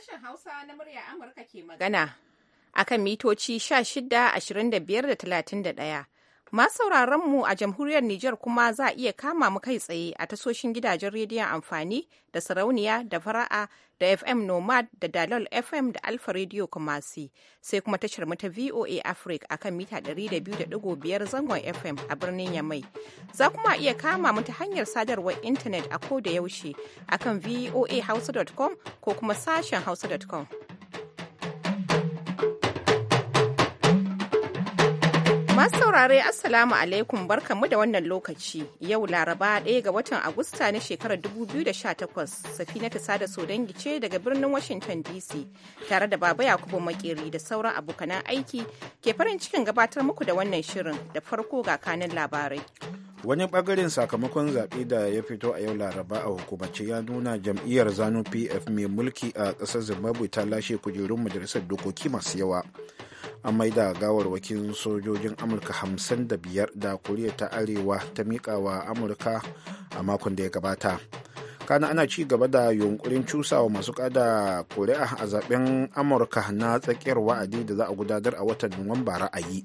Sashen Hausa na murya Amurka ke magana a kan mitoci 16, 25 da 31. Masu sauraron mu a jamhuriyar Nijar kuma za a iya kama mu kai tsaye a tasoshin gidajen rediyon amfani da sarauniya da fara'a da FM Nomad da Dalol FM da Alfa Radio Kumasi sai kuma tashar mu ta VOA Africa akan mita 200.5 zangon FM a birnin Yamai. Za kuma iya kama mu ta hanyar sadarwar intanet a ko da yaushe akan voahausa.com ko kuma sashen hausa.com. Masu saurare Assalamu alaikum barkanmu da wannan lokaci yau Laraba ɗaya ga watan Agusta na shekarar 2018 safinatu sada sodangi ce daga birnin Washington DC tare da Baba Yakubu Makeri da sauran abokanan aiki ke farin cikin gabatar muku da wannan shirin da farko ga kanin labarai. Wani bagarin sakamakon zaɓe da ya fito a yau Laraba a hukumance ya nuna jam'iyyar Zanu PF mai mulki a ƙasar Zimbabwe ta lashe kujerun majalisar dokoki masu yawa. an maida gawarwakin sojojin amurka hamsin da biyar da koriya ta arewa ta miƙa wa amurka a makon da ya gabata kana ana ci gaba da yunkurin cusawa masu kada kuri'a a zaben amurka na tsakiyar wa'adi da za a gudanar a watan nuwamba ra'ayi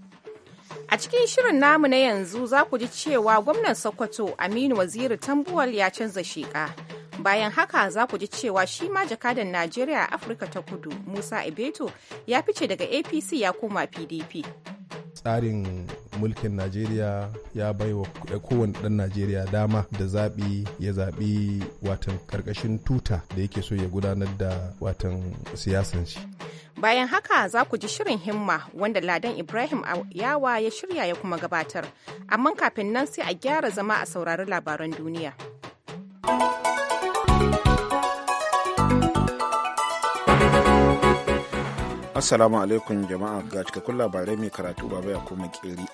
a cikin shirin namu na yanzu za ku ji cewa gwamnan sokoto aminu waziri tambuwal ya canza sheka bayan haka za ku ji cewa shi ma jakadan najeriya a afirka ta kudu musa ibeto ya fice daga apc ya koma pdp tsarin mulkin najeriya ya bai wa kowane dan najeriya dama da zaɓi ya zaɓi watan karkashin tuta da yake so ya gudanar da watan siyasan shi bayan haka za ku ji shirin himma wanda ladan ibrahim yawa ya shirya ya kuma gabatar amma kafin nan sai a gyara zama a saurari labaran duniya. Assalamu alaikum jama'a ga cikakkun labarai mai karatu baba ya kuma kiri.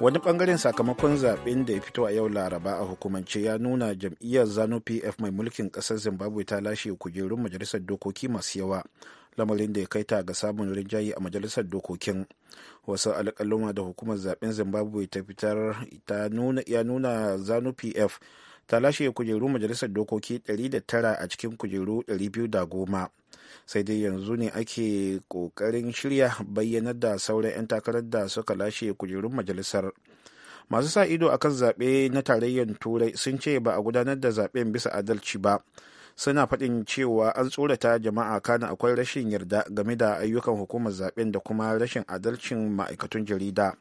Wani bangaren sakamakon zaben da ya fito a yau Laraba a hukumance ya nuna jam'iyyar Zanu PF mai mulkin kasar Zimbabwe ta lashe kujerun majalisar dokoki masu yawa. lamarin da ya kai ta ga samun rinjaye a majalisar dokokin wasu alƙaluma da hukumar zaben zimbabwe ta fitar ya nuna zanu pf ta lashe kujeru majalisar dokoki 109 a cikin kujeru 210 sai dai yanzu ne ake ƙoƙarin shirya bayyanar da sauran 'yan takarar da suka lashe kujerun majalisar masu sa ido akan zaɓe na tarayyar turai sun ce ba a gudanar da zaɓen bisa adalci ba suna faɗin cewa an tsorata jama'a kana akwai rashin yarda game da ayyukan hukumar zaɓen da kuma rashin adalcin ma'aikatun jarida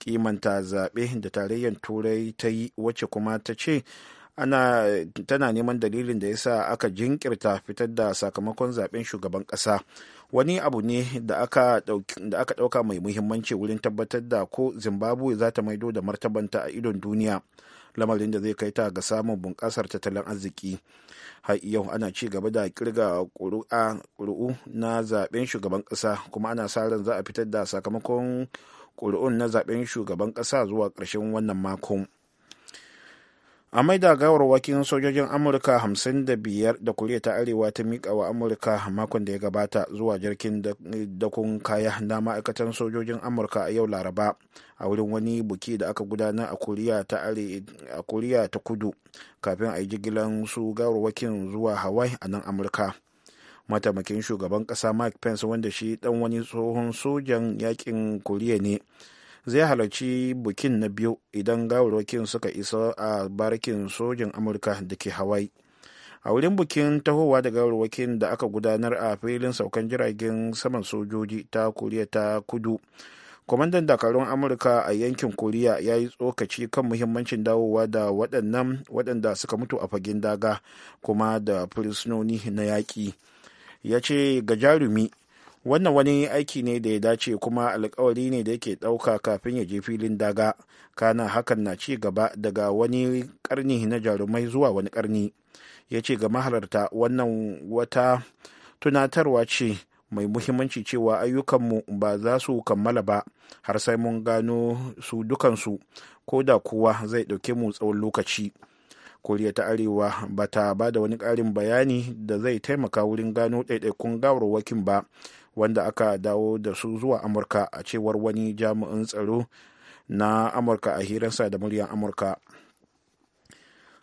kimanta zaɓe da tarayyar turai ta yi wacce kuma ta ce ana tana neman dalilin da yasa aka jinkirta fitar da sakamakon zaben shugaban kasa wani abu ne da aka ɗauka mai muhimmanci wurin tabbatar da ko zimbabwe za ta maido da martabanta a idon duniya lamarin da zai kai ta ga samun bunƙasar tattalin arziki har yau ana ci gaba da kirga ƙuri'u na zaben shugaban ƙasa kuma ana sa ran za a fitar da sakamakon ƙuri'un na zaben shugaban ƙasa zuwa ƙarshen wannan makon. a maida gawarwakin sojojin amurka 55 da kuriya ta arewa ta miƙa wa amurka makon da ya gabata zuwa jirgin dakun kaya na ma'aikatan sojojin amurka a yau laraba a wurin wani buki da aka gudana a kuriya ta kudu kafin a yi jigilan su gawarwakin zuwa hawaii a nan amurka mataimakin shugaban kasa mike pence wanda shi dan wani tsohon sojan yakin kuriya ne zai halarci bukin na biyu idan gawarwakin suka isa a barikin sojin amurka da ke hawaii a wurin bukin tahowa da gawarwakin da aka gudanar a filin saukan jiragen saman sojoji ta koriya ta kudu kwamandan dakarun amurka a yankin koriya ya yi tsokaci kan muhimmancin dawowa da waɗannan waɗanda suka mutu a fagen daga kuma da fursunoni na yaƙi ya ce ga jarumi wannan wani aiki ne da ya dace kuma alkawari ne da yake ɗauka kafin ya je filin daga kana hakan na ci gaba daga wani karni na jarumai zuwa wani karni ya ce ga mahalarta wannan wata tunatarwa ce mai muhimmanci cewa ayyukanmu ba za su kammala ba har sai mun gano su dukansu ko da kuwa zai ɗauke mu tsawon lokaci koriya ta arewa ba ta ba da wani ƙarin bayani da zai taimaka wurin gano ɗaiɗaikun gawarwakin ba wanda aka dawo da su zuwa amurka a cewar wani jami'in tsaro na amurka a hirarsa da muryar amurka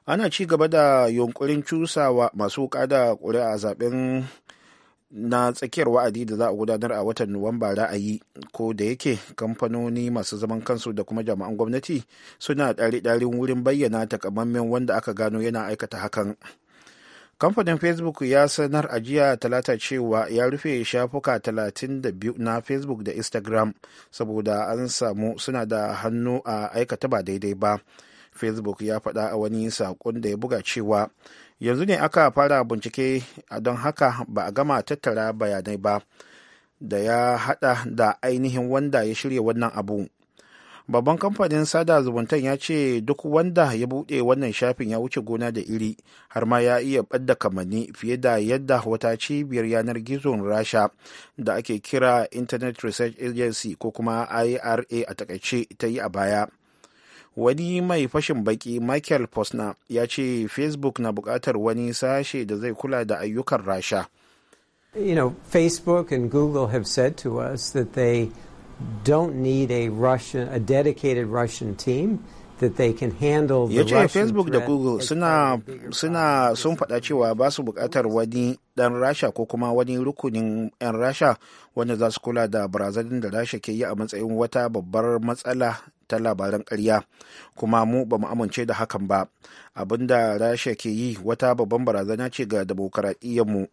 ana ci gaba da yunkurin cusawa masu kada ƙuri'a zaben na tsakiyar wa'adi da za a gudanar a watan nuwamba ra'ayi ko da yake kamfanoni masu zaman kansu da kuma jami'an gwamnati suna ɗari-ɗarin wurin bayyana takamammen wanda aka gano yana aikata hakan kamfanin facebook ya sanar a jiya talata cewa ya rufe shafuka 32 na facebook da instagram saboda an samu suna da hannu a aikata ba daidai ba facebook ya faɗa a wani saƙon da ya buga cewa yanzu ne aka fara bincike don haka ba a gama tattara bayanai ba da ya hada da ainihin wanda ya shirya wannan abu babban kamfanin sada zumuntan ya ce duk wanda ya bude wannan shafin ya wuce gona da iri har ma ya iya bada kamanni fiye da yadda wata cibiyar yanar gizon rasha da ake kira internet research agency ko kuma ira a takaice ta yi a baya wani mai fashin baki michael posner ya ce facebook na buƙatar wani sashe da zai kula da ayyukan rasha you know facebook and google have said to us that they don't need a russian a dedicated russian team that they can handle the ya ce facebook da google suna suna sun faɗa cewa ba su buƙatar wani ɗan rasha ko kuma wani rukunin 'yan rasha wanda za su kula da barazanin da rasha ke yi a matsayin wata babbar matsala ta labaran ƙarya kuma mu ba mu amince da hakan ba abin da rasha ke yi wata babban barazana ce ga mu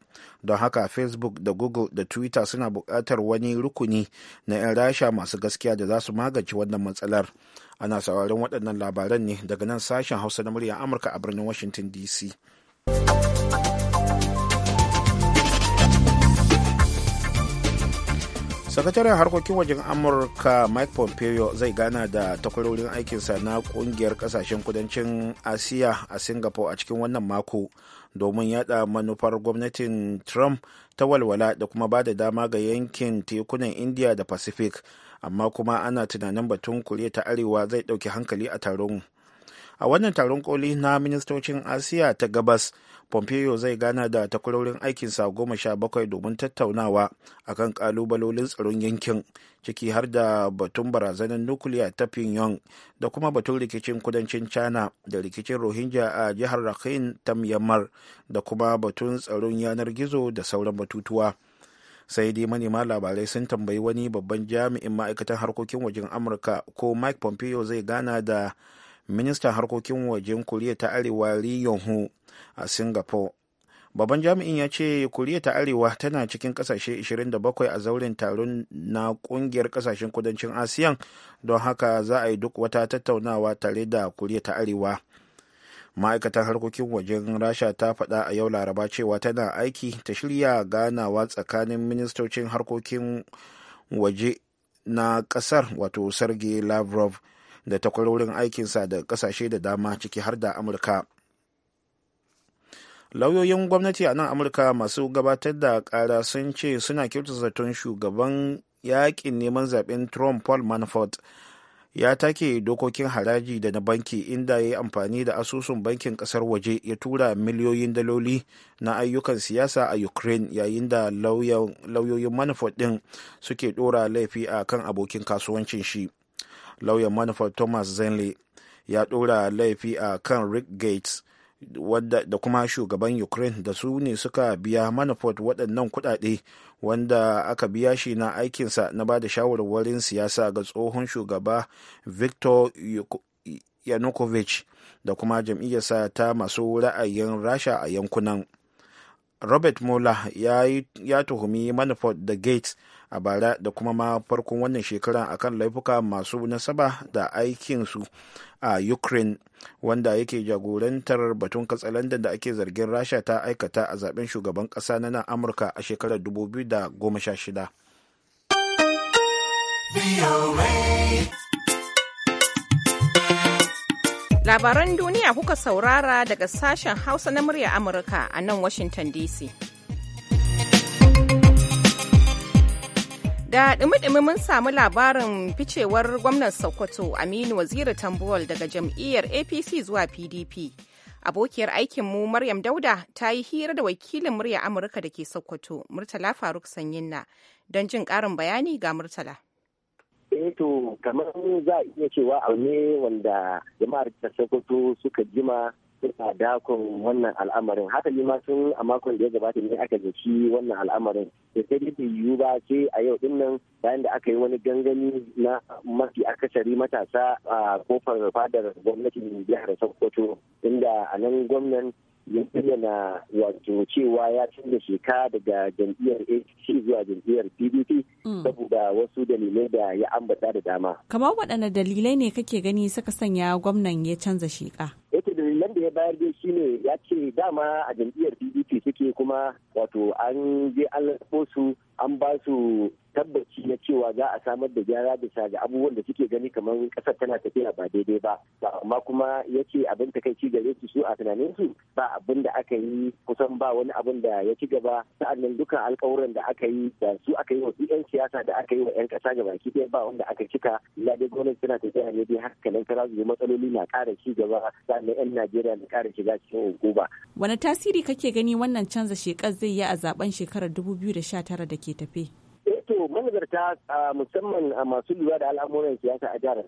don haka facebook da google da twitter suna buƙatar wani rukuni na 'yan rasha masu gaskiya da za su magance wannan matsalar ana sauraron waɗannan labaran ne daga nan sashen hausa na murya amurka a birnin washington dc sakataren harkokin wajen amurka mike pompeo zai gana da takwarorin aikinsa na kungiyar kasashen kudancin asiya a singapore a cikin wannan mako domin yada manufar gwamnatin trump ta walwala da kuma ba da dama ga yankin tekunan india da pacific amma kuma ana tunanin batun kuriya ta arewa zai dauki hankali a taron a wannan taron koli na ministocin asiya ta gabas pompeo zai gana da takwarorin aikinsa goma sha bakwai domin tattaunawa akan kalubalolin tsaron yankin ciki har da batun barazanar nukiliya ta pyongyang da kuma batun rikicin kudancin china da rikicin rohingya a jihar rakhin ta myanmar da kuma batun tsaron yanar gizo da sauran batutuwa sai dai manema labarai sun tambayi wani babban jami'in ma'aikatan harkokin wajen amurka ko mike pompeo zai gana da ministan harkokin wajen koriya ta arewa ri yong a singapore babban jami'in ya ce koriya ta arewa tana cikin kasashe 27 a zauren taron na kungiyar kasashen kudancin asiyan don haka za a yi duk wata tattaunawa tare da koriya ta arewa Ma'aikatan harkokin wajen rasha ta faɗa a yau laraba cewa tana aiki ta shirya ganawa tsakanin ministocin harkokin waje na ƙasar wato sergei lavrov da takwarorin aikinsa da kasashe da dama ciki har da amurka lauyoyin gwamnati a nan amurka masu gabatar da kara sun ce suna kyautata zaton shugaban yakin neman zaben trump paul manafort ya take dokokin haraji da na banki inda ya yi amfani da asusun bankin kasar waje ya tura miliyoyin daloli na ayyukan siyasa a ukraine yayin da lauyoyin manafort din suke dora laifi a kan abokin kasuwancin shi lauyan manufar thomas zenley ya ɗora laifi a kan rick gates wadda da kuma shugaban ukraine da su ne suka biya manafort waɗannan kuɗaɗe wanda aka biya shi na aikinsa na ba da shawarwarin siyasa ga tsohon shugaba victor yanukovych da kuma jam'iyyarsa ta masu ra'ayin rasha a yankunan robert mueller ya tuhumi manafort da gates a bara da kuma ma farkon wannan shekara akan laifuka masu nasaba da aikinsu a ukraine wanda yake jagorantar batun katsalandan da ake zargin rasha ta aikata a zaben shugaban kasa na nan amurka a shekarar 2016 Labaran duniya kuka saurara daga sashen Hausa na murya Amurka a nan Washington DC. Da ɗumi-ɗumi mun samu labarin ficewar gwamnan Sokoto Aminu Waziri Tambuwal daga jam'iyyar APC zuwa PDP. Abokiyar aikinmu Maryam Dauda ta yi hira da wakilin murya Amurka da ke Sokoto, Murtala Faruk Sanyinna, don jin ƙarin bayani ga Murtala. eh to kamar za a iya cewa abu ne wanda jama'ar ta sokoto suka jima suka dakon wannan al'amarin haka ma sun a makon da ya gabata ne aka zaci wannan al'amarin da sai dai yiwu ba sai a yau din nan bayan da aka yi wani gangami na mafi akasari matasa a kofar fadar gwamnatin jihar sokoto inda a nan gwamnan ya bayyana wato cewa ya canza sheka daga jam'iyyar APC zuwa jam'iyyar PDP hmm. saboda wasu dalilai da ya ambata da dama. Kamar waɗanne dalilai ne kake gani suka sanya gwamnan ya canza sheka? Yake eh, dalilan da ya bayar dai shine ya ce dama a jam'iyyar PDP suke kuma wato an je an su an ba su tabbaci na cewa za a samar da gyara bisa ga abubuwan da suke gani kamar kasar tana tafiya ba daidai ba amma kuma ya ce abin ta kai gare su su a tunanin su ba abin da aka yi kusan ba wani abin da ya ci gaba sa'annan dukkan alkawuran da aka yi da su aka yi wa su yan siyasa da aka yi wa yan kasa gaba ɗaya ba wanda aka cika lade dai gwamnati tana tafiya ne dai haka nan kara zuwa matsaloli na ƙara ci gaba sa'annan yan najeriya na ƙara shiga cikin hukuma. wani tasiri kake gani wannan canza shekar zai yi a zaben shekarar dubu biyu da 2019 da ke tafe? to manazarta musamman a masu lura da al'amuran siyasa a jihar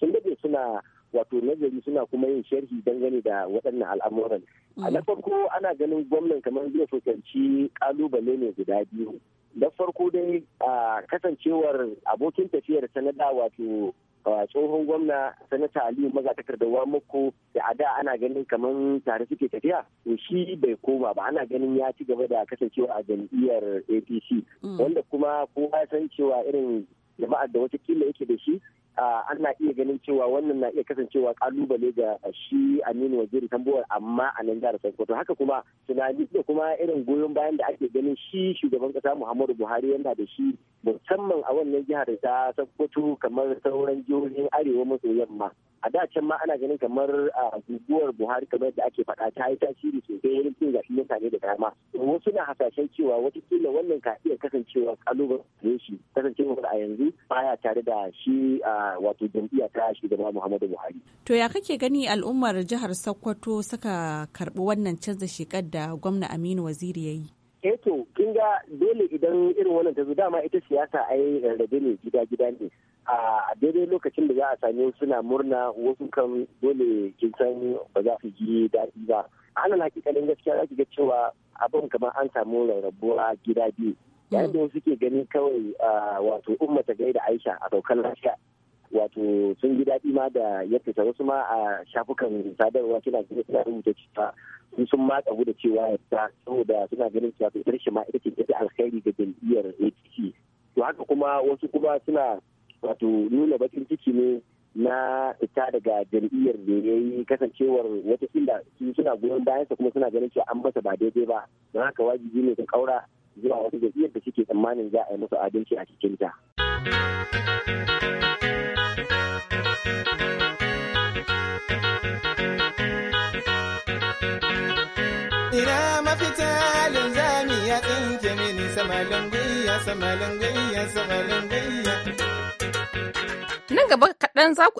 sun daje suna wato nazari suna kuma yin sharhi dangane da waɗannan al'amuran. A na mm. farko ana ganin gwamnan kamar zai fuskanci kalubale ne guda biyu. Na farko dai a kasancewar abokin tafiyar sanada wato tsohon gwamna sanata aliyu magatakarda wa muku da a da ana ganin kamar tare suke tafiya to shi bai koma ba ana ganin ya ci gaba da kasancewa a jam'iyyar apc mm. wanda kuma kowa san cewa irin jama'ar da wata kila yake da shi ana iya ganin cewa wannan na iya kasancewa kalubale ga shi aminu waziri tambuwar amma a nan jihar sokoto haka kuma tunani da kuma irin goyon bayan da ake ganin shi shugaban kasa muhammadu buhari yana da shi musamman a wannan jihar ta sokoto kamar sauran jihohin arewa maso yamma a da can ma ana ganin kamar guguwar buhari kamar da ake faɗa ta yi tasiri sosai wurin cin gashi mutane da dama wasu na hasashen cewa watakila wannan ka iya kasancewa kalubale shi kasancewa a yanzu baya tare da shi wato jam'iyyar ta shugaba Muhammadu Buhari. To ya kake gani al'ummar jihar Sokoto suka karbi wannan canza shekar da gwamna Aminu Waziri ya yi? eh to kin ga dole idan irin wannan ta zo dama ita siyasa ai rarrabe ne gida gida ne a daidai lokacin da za a same suna murna wasu kan dole kin san ba za su ji daɗi ba ana na hakikalin gaskiya za ki ga cewa abin kamar an samu rarrabuwa gida biyu mm. yayin da wasu ke gani kawai wato umma ta gaida aisha a saukar lafiya wato sun ji daɗi ma da ya fita wasu ma a shafukan sadarwa kina ganin suna rubuta cewa sun sun ma da cewa ta saboda suna ganin cewa fitar shi ma ita ce ita alkhairi ga jam'iyyar APC to haka kuma wasu kuma suna wato nuna bakin ciki ne na fita daga jam'iyyar da ya yi kasancewar wata inda suna goyon bayansa kuma suna ganin cewa an masa ba daidai ba don haka wajibi ne ta kaura zuwa wata jam'iyyar da suke tsammanin za a yi musu adalci a cikinta. ta.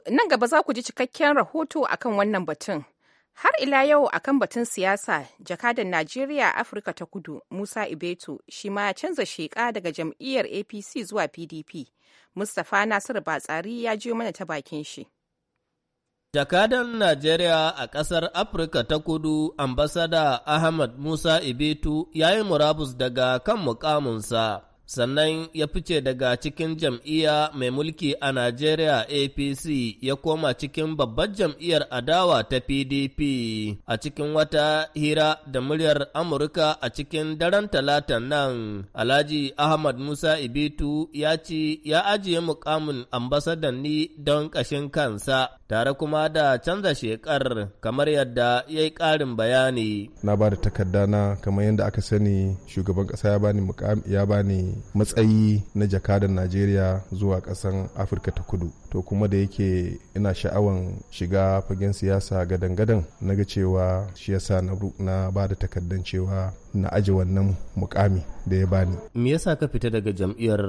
Nan gaba za ku ji cikakken rahoto a kan wannan batun. Har ila yau a kan batun siyasa, jakadan Najeriya Afirka ta Kudu Musa Ibeto shi ma ya canza sheƙa daga jam'iyyar APC zuwa PDP. Mustapha Nasiru Batsari ya jiyo mana ta bakin shi. Jakadan Najeriya a ƙasar Afirka ta Kudu, ambasada Ahmad Musa Ibeto ya yi murabus daga kan mukaminsa. sannan ya fice daga cikin jam'iyya mai mulki a Najeriya APC ya koma cikin babbar jam'iyyar adawa ta PDP a cikin wata hira da muryar Amurka a cikin daren talatan nan. Alhaji Ahmad Musa Ibitu ya ce ya ajiye mukamin ambasadan don ƙashin kansa tare kuma da canza shekar kamar yadda ya yi ƙarin bayani. Na ba da takarda na kamar yadda aka sani shugaban ƙasa ya bani matsayi na jakadan Najeriya zuwa ƙasan Afirka ta kudu. to kuma da yake ina sha'awan shiga fagen siyasa gadan-gadan na ga cewa shi yasa na ba da takardan cewa na aji wannan mukami da ya bani. Me yasa ka fita daga jam'iyyar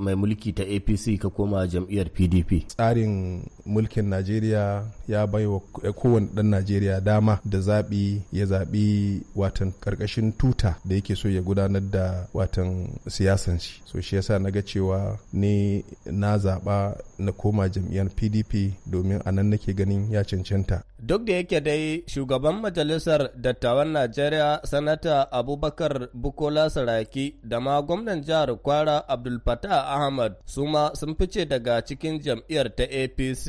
mai mulki ta APC ka koma jam'iyyar PDP? Tsarin mulkin Najeriya ya bai wa kowane ɗan Najeriya dama da zaɓi ya zaɓi watan ƙarƙashin tuta da yake so ya gudanar da watan siyasan So shi yasa na ga cewa ni na zaɓa na koma koma jam'iyyar pdp domin a nan nake ganin ya cancanta duk da yake dai shugaban majalisar dattawan najeriya sanata abubakar bukola saraki da ma gwamnan jihar kwara abdul ahmad su ma sun fice daga cikin jam'iyyar ta apc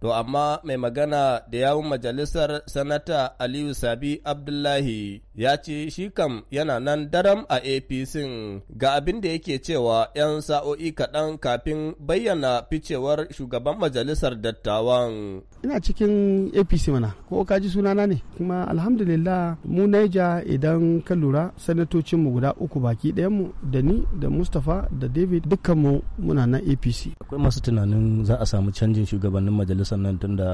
to amma mai magana da yawun majalisar sanata aliyu sabi abdullahi ya ce shi kam yana nan daram a apc ga abin da yake cewa 'yan sa'o'i kaɗan kafin bayyana ficewar shugaban majalisar dattawan. Ina cikin APC mana ko ka ji sunana ne kuma alhamdulillah mu Naija idan ka lura sanatocinmu guda uku baki ɗayanmu mu da ni da Mustapha da David dukkan mu muna na APC. Akwai masu tunanin za a samu canjin shugabannin majalisar nan tunda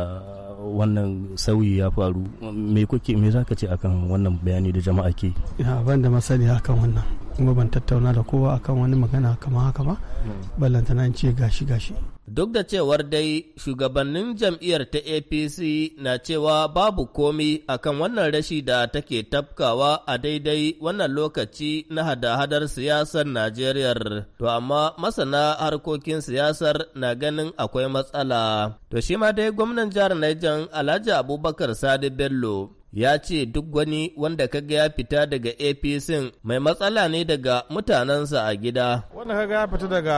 wannan sauyi ya faru me kuke me za ka ce akan wannan bayani da jama'a ke ina ban da masani akan wannan kuma ban tattauna da kowa akan wani magana kama haka ba hmm. ballantana in ce gashi gashi Duk da cewar dai shugabannin jam'iyyar ta APC na cewa babu komi akan wannan rashi da take tafkawa a daidai wannan lokaci na hada-hadar siyasar Najeriya. To amma masana harkokin siyasar na ganin akwai matsala. To shi ma dai gwamnan jihar Niger Alhaji Abubakar Sadi Bello ya ce duk wani wanda kaga ya fita daga apc mai matsala ne daga mutanensa a gida wanda kaga ya fita daga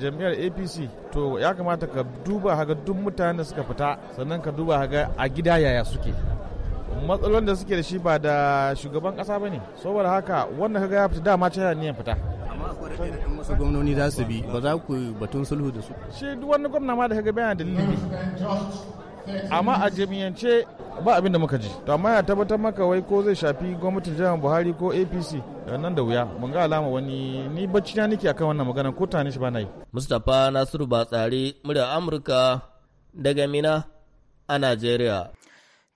jami'ar apc to ya kamata ka duba haga duk mutanen da suka fita sannan ka duba haga a gida yaya suke matsalolin da suke da shi ba da shugaban kasa ba ne saboda haka wanda kaga ya fita dama ne ya fita amma akwai raɗaɗin masu gwamnoni za su bi ba za ku batun sulhu da su shi duk wani gwamna ma da kaga bayan dalili amma a jami'ance ba abin da muka ji to amma ya tabbatar maka wai ko zai shafi gwamnatin jihar buhari ko apc nan da wuya mun ga alama wani ni bacci na nake akan wannan magana ko tani shi ba nayi mustapha nasiru batsari murya amurka daga mina a nigeria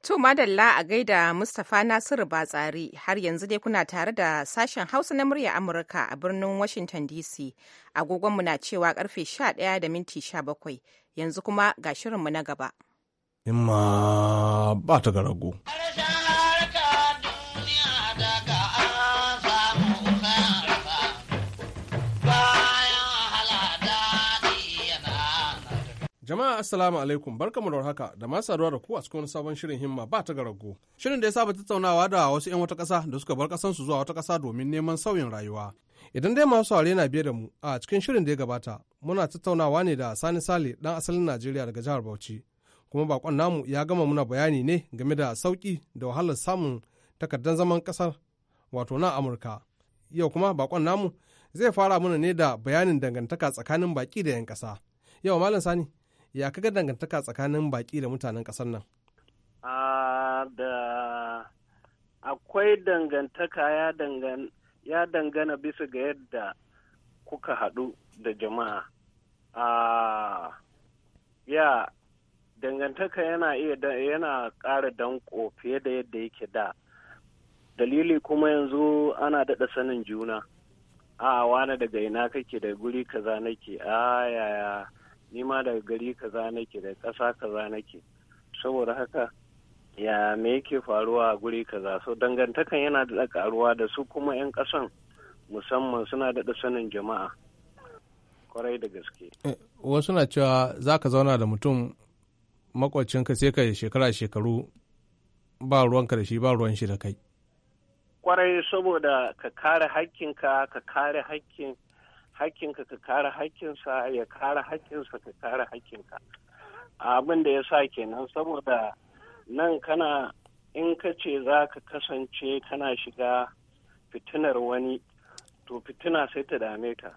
To madalla a gaida Mustapha Nasiru Batsari har yanzu dai kuna tare da sashen Hausa na murya Amurka a birnin Washington DC. Agogonmu na cewa karfe 11 da minti 17 yanzu kuma ga shirinmu na gaba. in ba ta ga rago. Jama'a Assalamu alaikum barkamu da haka da masu saduwa da ku a cikin wani sabon shirin himma ba ta garago. Shirin da ya saba tattaunawa da wasu 'yan wata ƙasa da suka bar ƙasansu zuwa wata ƙasa domin neman sauyin rayuwa. Idan dai masu saurare na biye da mu a cikin shirin da ya gabata muna tattaunawa ne da Sani Sale ɗan asalin Najeriya daga jihar Bauchi kuma bakon namu ya gama muna bayani ne game da sauƙi da wahalar samun takardar zaman kasar wato na amurka yau kuma bakon namu zai fara mana ne da bayanin dangantaka tsakanin baki da 'yan kasa yau malam sani ya kaga dangantaka tsakanin baki da mutanen kasar nan da akwai dangantaka ya dangana bisa ga yadda kuka haɗu da jama'a. ya dangantaka yana iya yana ƙara danko fiye da yadda yake da dalili kuma yanzu ana daɗa sanin juna a wani daga ina kake da guri kaza nake a yaya ni ma daga gari kaza nake da ƙasa kaza nake saboda haka ya me yake faruwa a guri kaza so dangantakan yana da karuwa da su kuma 'yan ƙasan musamman suna daɗa sanin jama'a kwarai da gaske eh, wasu na cewa za ka zauna da mutum makwacinka sai ka shekara shekaru ba ruwanka da shi ba ruwan shi da kai kwarai saboda ka kare hakkinka ka kare hakkin hakkinka ka kare hakkinsa ya kare hakkinsa ka kare hakkinka abin da ya sa kenan saboda nan kana in ka ce za ka kasance kana shiga fitinar wani to fitina sai ta dame ka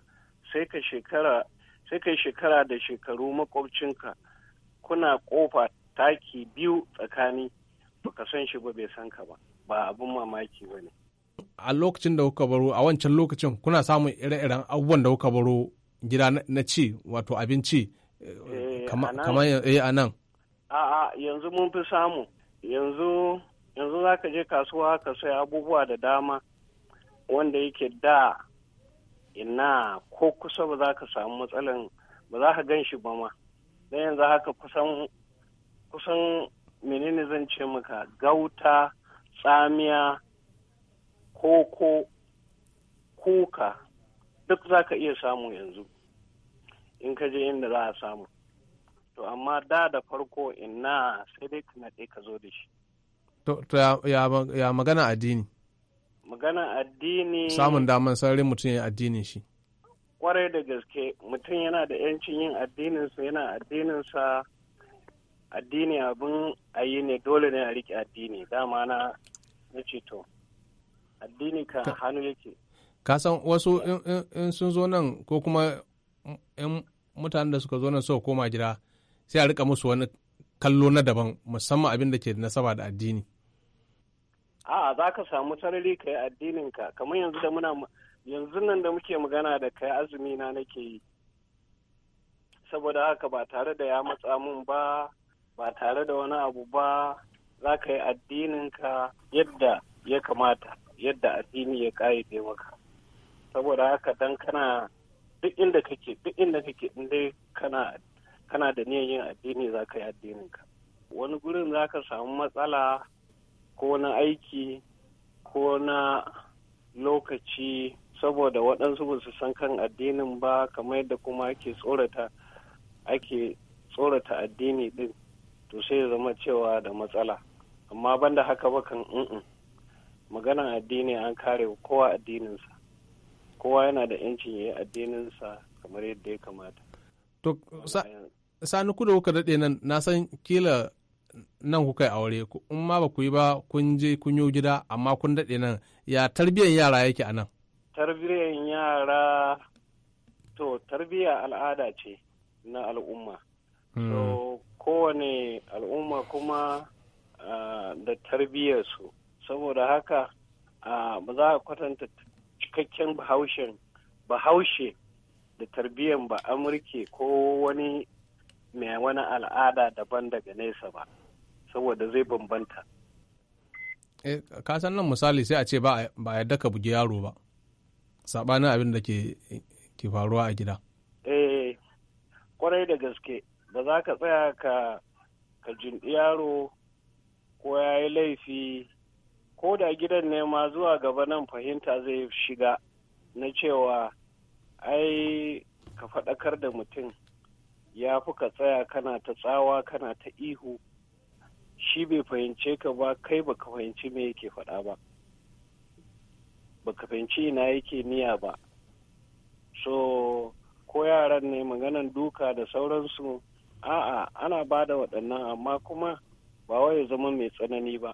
sai ka shekara sai ka shekara da shekaru makwabcinka kuna kofa taki biyu tsakani baka san shi ba bai san ka ba ba abun mamaki ba ne a lokacin da kuka baro a wancan lokacin kuna samun ire-iren abubuwan da kuka baro gida na ci wato abinci eh, eh, kamar eh a nan a'a yanzu mun fi samu yanzu yanzu za ka je kasuwa ka sai abubuwa da dama wanda yake da ina ko kusa ba za ka samu matsalan ba za ka gan shi ba ma da yanzu haka kusan kusan menene zan ce maka gauta tsamiya koko kuka duk za ka iya samu yanzu in ka je inda za a samu to amma da da farko inna sai dai ka naɗe ka zo da shi to, ya, magana addini magana addini samun daman sarari mutum ya addinin shi kwarai da gaske mutum yana da 'yancin yin addininsa yana addininsa addini abin a yi ne dole ne a riƙe addini dama na na ceto addini ka hannu yake ka san wasu in sun zo nan ko kuma in mutanen da suka zo nan suka koma gida sai a rika musu wani kallo na daban musamman abin da ke da nasaba da addini a'a za ka samu sarari ka yi addininka kamar yanzu da muna yanzu nan da muke magana da kai azumi na nake yi saboda haka ba tare da ya matsa mun ba ba tare da wani abu ba za ka yi addininka yadda ya kamata yadda addini ya ƙa'ide maka saboda haka dan kana duk inda kake duk inda kake inda kana kana da niyan yin addini za ka yi addininka wani gurin za ka samu matsala ko na aiki ko na lokaci saboda waɗansu ba su san kan addinin ba kamar yadda kuma ake tsorata ake tsorata addini din to sai ya zama cewa da matsala amma banda haka ba kan in maganan addini an kare kowa addininsa kowa yana da yancin ya yi addininsa kamar yadda ya kamata to sani ku da kuka daɗe nan na san kila nan kuka yi aure in ma ba ku yi ba kun je kun yi gida amma kun daɗe nan ya tarbiyyar yara yake a nan tarbiyyar yara to tarbiyya al'ada ce na al'umma so hmm. kowane al'umma kuma da tarbiyyarsu saboda haka ba za a kwatanta cikakken bahaushen bahaushe da tarbiyyar ba amurke ko wani mai wani al'ada daban daga nesa ba saboda zai bambanta eh, ka san nan misali sai a ce ba a yadda ka bugi yaro ba sabanin abin da ke faruwa a gida eh kwarai da gaske ba za ka tsaya ka ka jin yaro ko ya yi laifi ko da gidan ne ma zuwa gaba nan fahimta zai shiga na cewa ai ka faɗakar da mutum ya fi ka tsaya kana ta tsawa kana ta ihu shi bai fahimce ka ba kai ba ka fahimci me yake faɗa ba baka fahimci ina yake niya ba so ko yaran ne maganan duka da sauransu a'a ana ba da waɗannan amma kuma ba wai zama mai tsanani ba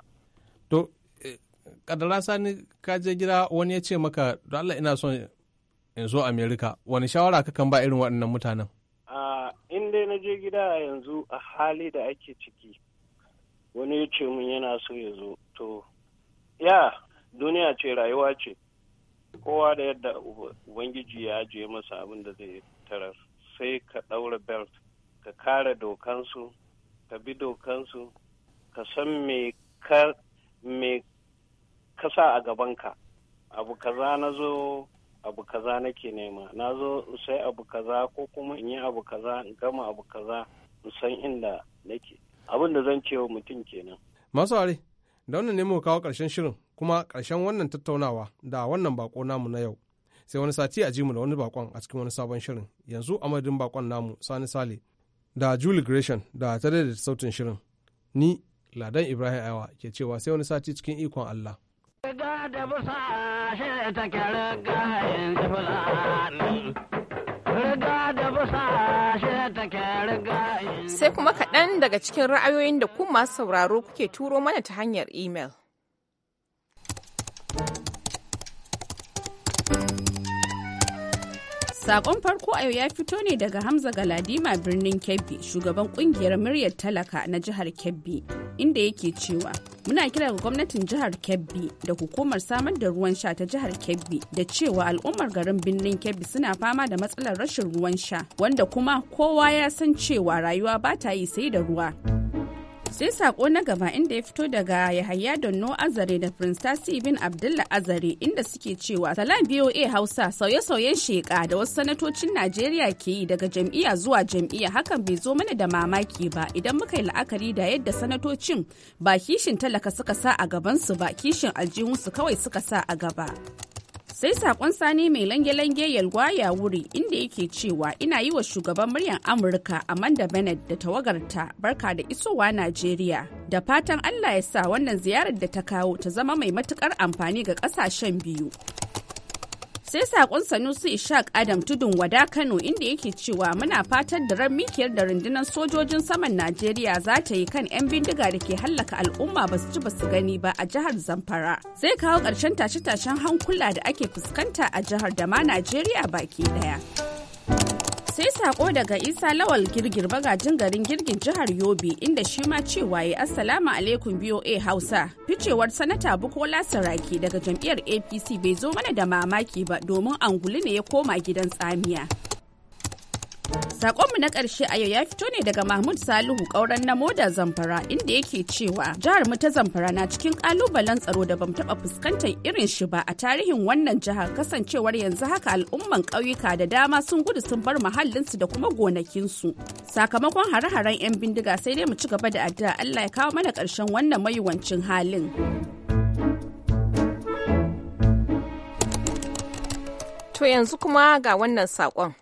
to eh, kadara sani ka je gida wani ya ce maka da Allah ina son in zo Amerika wani shawara ka kan ba irin waɗannan mutanen in dai na je gida yanzu a hali da ake ciki wani ya ce mun yana so ya zo to ya duniya ce rayuwa ce kowa da yadda ubangiji ya je masa abin da zai tarar sai ka ɗaura belt ka kare dokansu ka bi dokansu ka san me ka me ka sa a gabanka abu kaza na zo abu kaza nake nema na zo sai abu kaza ko kuma in yi abu kaza in gama abu kaza in san inda nake abin da zan ce wa mutum kenan masu da wannan ne mu kawo ƙarshen shirin kuma ƙarshen wannan tattaunawa da wannan bako namu na yau sai wani sati a mu da wani bakon a cikin wani sabon shirin yanzu a madadin bakon namu sani sale da julie gresham da ta daidaita sautin shirin ni ladan ibrahim ayawa ke cewa sai wani sati cikin ikon allah Riga da busa ta gayen fulani. Sai kuma kaɗan daga cikin ra'ayoyin da kuma sauraro kuke turo mana ta hanyar imel. Sakon farko a yau ya fito ne daga Hamza Galadima birnin Kebbi, shugaban kungiyar muryar talaka na jihar Kebbi, inda yake cewa muna kira ga gwamnatin jihar kebbi da hukumar samar da ruwan sha ta jihar kebbi da cewa al'ummar garin birnin kebbi suna fama da matsalar rashin ruwan sha wanda kuma kowa ya san cewa rayuwa ba ta yi sai da ruwa. sai sako na gaba inda ya fito daga yahaya donno azare da prince tasi bin abdulla azare inda suke cewa salam boa hausa sauye-sauyen sheka da wasu sanatocin najeriya ke yi daga jam'iyya zuwa jam'iyya hakan bai zo mana da mamaki ba idan muka yi la'akari da yadda sanatocin ba kishin talaka suka sa a gabansu ba kishin aljihunsu kawai suka sa a gaba. sai sakon sani mai lange-lange yalwa ya wuri inda yake cewa ina yi wa shugaban muryar amurka amanda bennett da tawagarta barka da isowa najeriya da fatan allah ya sa wannan ziyarar da ta kawo ta zama mai matukar amfani ga kasashen biyu sai sakon sanusi ishaq adam tudun wada kano inda yake cewa muna fatar da ran mikiyar da rundunar sojojin saman najeriya za ta yi kan 'yan bindiga da ke hallaka al'umma ba su ci ba su gani ba a jihar zamfara zai kawo ƙarshen tashe-tashen hankula da ake fuskanta a jihar da ma najeriya baki ɗaya. sai sako daga isa lawal girgir bagajin garin girgin jihar yobe inda shi ma cewa ya assalamu alaikum BOA hausa ficewar sanata bukola saraki daga jam'iyyar apc bai zo mana da mamaki ba domin anguli ne ya koma gidan tsamiya Sakonmu na ƙarshe a yau ya fito ne daga Mahmud Salihu ƙauren na Moda Zamfara inda yake cewa jihar mu ta Zamfara na cikin ƙalubalen tsaro da bamu taɓa fuskantar irin shi ba a tarihin wannan jihar kasancewar yanzu haka al'umman ƙauyuka da dama sun gudu sun bar muhallinsu da kuma gonakinsu. Sakamakon hare-haren 'yan bindiga sai dai mu ci gaba da addu'a Allah ya kawo mana ƙarshen wannan mayuwancin halin. To yanzu kuma ga wannan saƙon.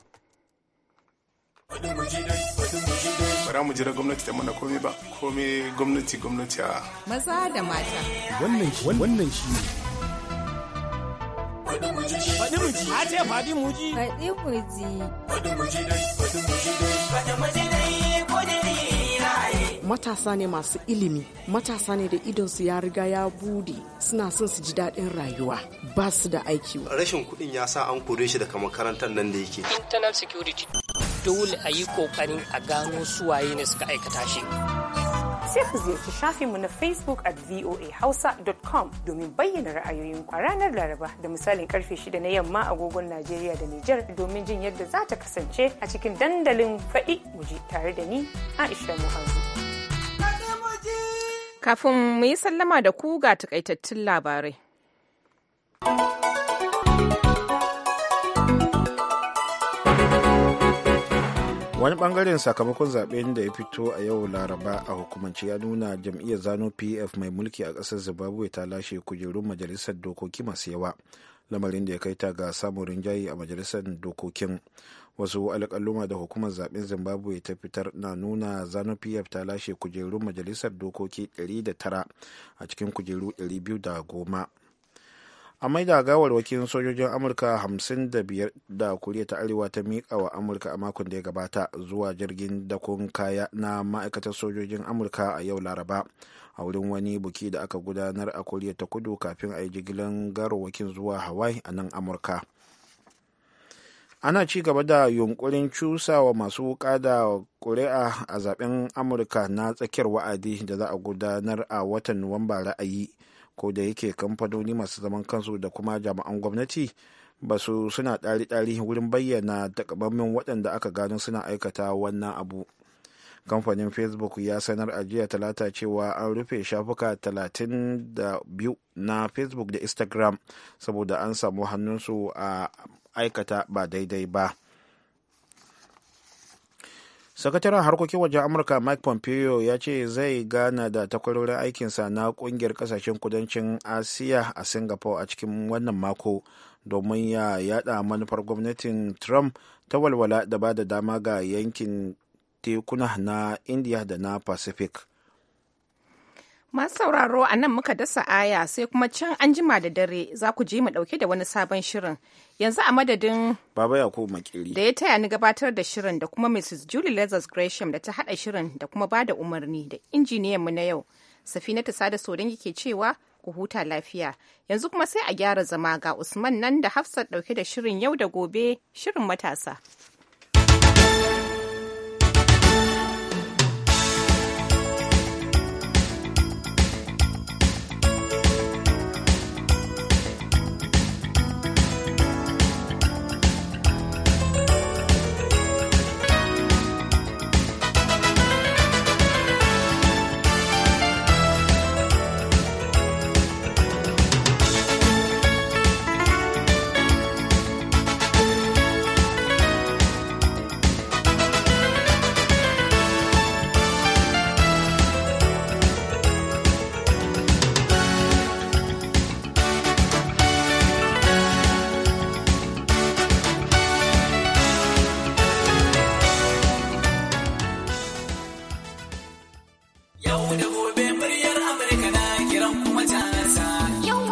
bara mu jira gwamnati ta mana komai ba komai gwamnati gwamnati a maza da mata wannan wannan shi ne faɗi mu ji ce faɗi mu ji faɗi mu ji mu ji dai faɗi mu ji dai faɗi mu ji dai ko matasa ne masu ilimi matasa ne da idonsu ya riga ya bude suna son su ji daɗin rayuwa ba su da aiki rashin kuɗin ya sa an kore shi daga makarantar nan da yake internal security dole a yi kokarin a gano suwaye ne suka aikata shi. sai ku ziyarci shafinmu na Facebook at voahausa.com domin bayyana ra'ayoyin a ranar Laraba da misalin karfe 6 na yamma agogon Najeriya da Nijar domin jin yadda za ta kasance a cikin dandalin faɗi muji tare da ni Aisha Muhammadu. Kafin mu yi sallama da ku ga takaitattun labarai. wani bangaren sakamakon zaben da ya fito a yau laraba a hukumance ya nuna jam'iyyar zano pf mai mulki a ƙasar zimbabwe ta lashe kujerun majalisar dokoki masu yawa lamarin da ya kai ta ga samun rinjaye a majalisar dokokin wasu alƙaluma da hukumar zaben zimbabwe ta fitar na nuna zano pf ta lashe kujerun majalisar dokoki 109 a cikin kujeru 210 a maida gawarwakin sojojin amurka 55 da kuriya ta arewa ta miƙa wa amurka a makon da ya gabata zuwa jirgin dakon kaya na ma'aikatar sojojin amurka a yau laraba a wurin wani buki da aka gudanar a kuriya ta kudu kafin a yi jigilan gawarwakin zuwa hawaii a nan amurka ana ci gaba da yunkurin wa masu wuka da ƙuri'a a zaben amurka na tsakiyar wa'adi da za a gudanar a watan nuwamba ra'ayi ko da yake kamfanoni masu zaman kansu da kuma jami'an gwamnati ba su suna ɗari-ɗari wurin bayyana takamammen waɗanda aka gano suna aikata wannan abu kamfanin facebook ya sanar a jiya talata cewa an rufe shafuka 32 na facebook da instagram saboda an samu hannunsu a aikata ba daidai ba sakataren harkokin wajen amurka mike pompeo ya ce zai gana da takwarorin aikinsa na kungiyar kasashen kudancin asiya a singapore a cikin wannan mako domin ya yada manufar gwamnatin trump ta walwala da ba da dama ga yankin tekuna na india da na pacific Masu sauraro a nan muka dasa aya sai kuma can an jima da dare za ku je mu dauke da wani sabon shirin. Yanzu a madadin Baba Yakubu Makiri da ya taya ni gabatar da shirin da kuma Mrs. Julie Lazarus Gresham da ta hada shirin da kuma ba da umarni da injiniyan mu na yau. Safinatu Sada Sodan yake cewa ku huta lafiya. Yanzu kuma sai a gyara zama ga Usman nan da Hafsat dauke da shirin yau da gobe shirin matasa.